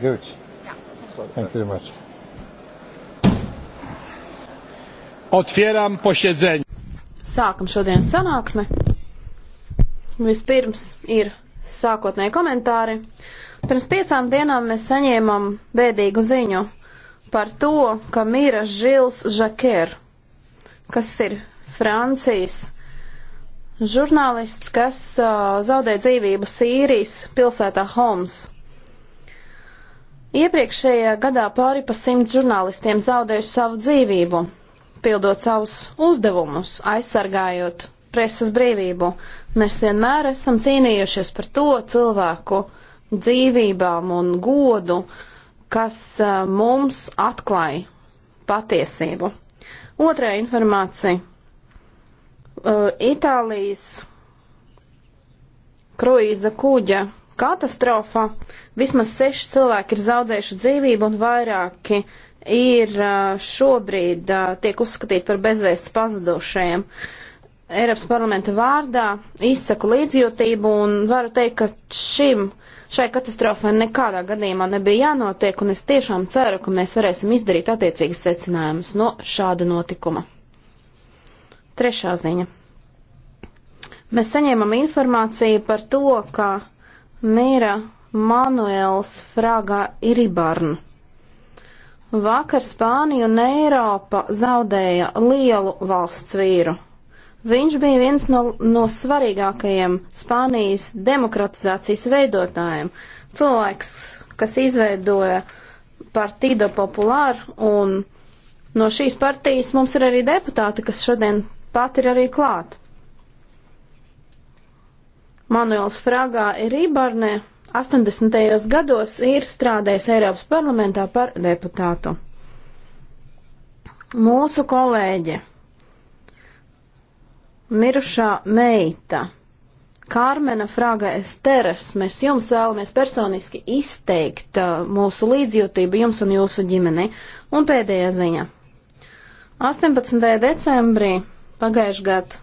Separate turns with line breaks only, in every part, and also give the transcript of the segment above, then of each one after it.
Good. Thank you very much. Otvieram posiedzeni. Sākam šodien sanāksmi. Vispirms ir sākotnēji komentāri. Pirms piecām dienām mēs saņēmām bēdīgu ziņu par to, ka mīra Žils Žaker, kas ir Francijas žurnālists, kas uh, zaudēja dzīvību Sīrijas pilsētā Homs. Iepriekšējā gadā pāri pa simt žurnālistiem zaudējuši savu dzīvību, pildot savus uzdevumus, aizsargājot preses brīvību. Mēs vienmēr esam cīnījušies par to cilvēku dzīvībām un godu, kas uh, mums atklāja patiesību. Otrā informācija. Uh, Itālijas kruīza kuģa katastrofā. Vismaz seši cilvēki ir zaudējuši dzīvību un vairāki ir šobrīd tiek uzskatīti par bezvēsts pazudušajiem. Eiropas parlamenta vārdā izsaku līdzjūtību un varu teikt, ka šim, šai katastrofai nekādā gadījumā nebija jānotiek, un es tiešām ceru, ka mēs varēsim izdarīt attiecīgas secinājumus no šāda notikuma. Trešā ziņa. Mēs saņēmām informāciju par to, ka mīra Manuels Fraga Iribarn. Vakar Spānija un Eiropa zaudēja lielu valsts vīru. Viņš bija viens no, no svarīgākajiem Spānijas demokratizācijas veidotājiem. Cilvēks, kas izveidoja Partido Populāru un no šīs partijas mums ir arī deputāti, kas šodien pat ir arī klāt. Manuels Fragā ir Rībarnē 80. gados ir strādājis Eiropas parlamentā par deputātu. Mūsu kolēģe, mirušā meita, Kārmena Fraga Esteras, mēs jums vēlamies personiski izteikt uh, mūsu līdzjūtību jums un jūsu ģimenei. Un pēdējā ziņa. 18. decembrī pagājušajā gadā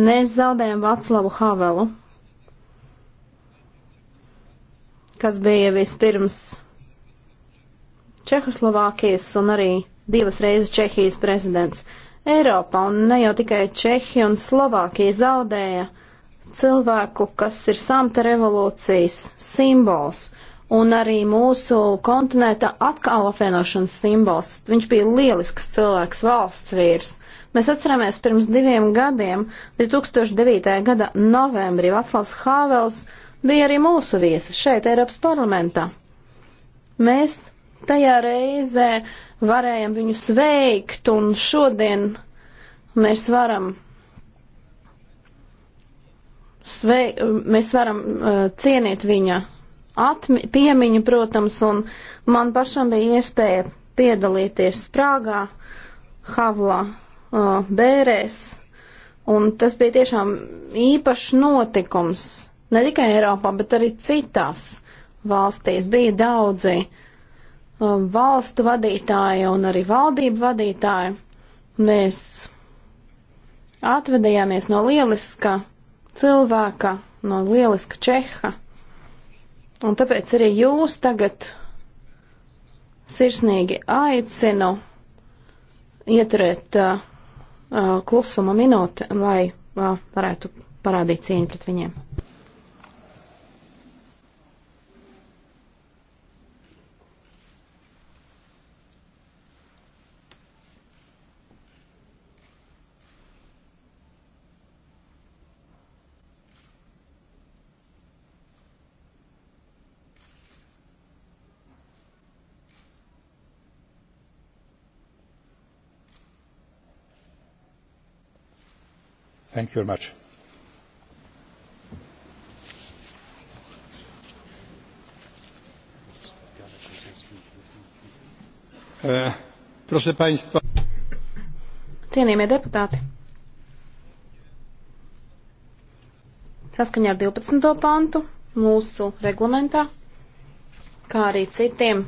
Mēs zaudējam Vaclavu Havelu, kas bija vispirms Čehoslovākijas un arī divas reizes Čehijas prezidents. Eiropa un ne jau tikai Čehija un Slovākija zaudēja cilvēku, kas ir samta revolūcijas simbols un arī mūsu kontinenta atkal apvienošanas simbols. Viņš bija lielisks cilvēks, valsts vīrs. Mēs atceramies pirms diviem gadiem, 2009. gada novembrī Vaclavs Hāvels bija arī mūsu viesis šeit, Eiropas parlamentā. Mēs tajā reizē varējām viņu sveikt, un šodien mēs varam svei, mēs varam uh, cienīt viņa atmi, piemiņu, protams, un man pašam bija iespēja piedalīties Sprāgā, Havlā, uh, bērēs. Un tas bija tiešām īpašs notikums ne tikai Eiropā, bet arī citās valstīs. Bija daudzi uh, valstu vadītāji un arī valdību vadītāji. Mēs atvadījāmies no lieliska cilvēka, no lieliska čeha. Un tāpēc arī jūs tagad sirsnīgi aicinu ieturēt uh, Uh, klusuma minūte, lai uh, varētu parādīt cieņu pret viņiem. Thank you very much. Uh, proszę Państwa. Cienījamie deputāti, saskaņā ar 12. pantu mūsu reglamentā, kā arī citiem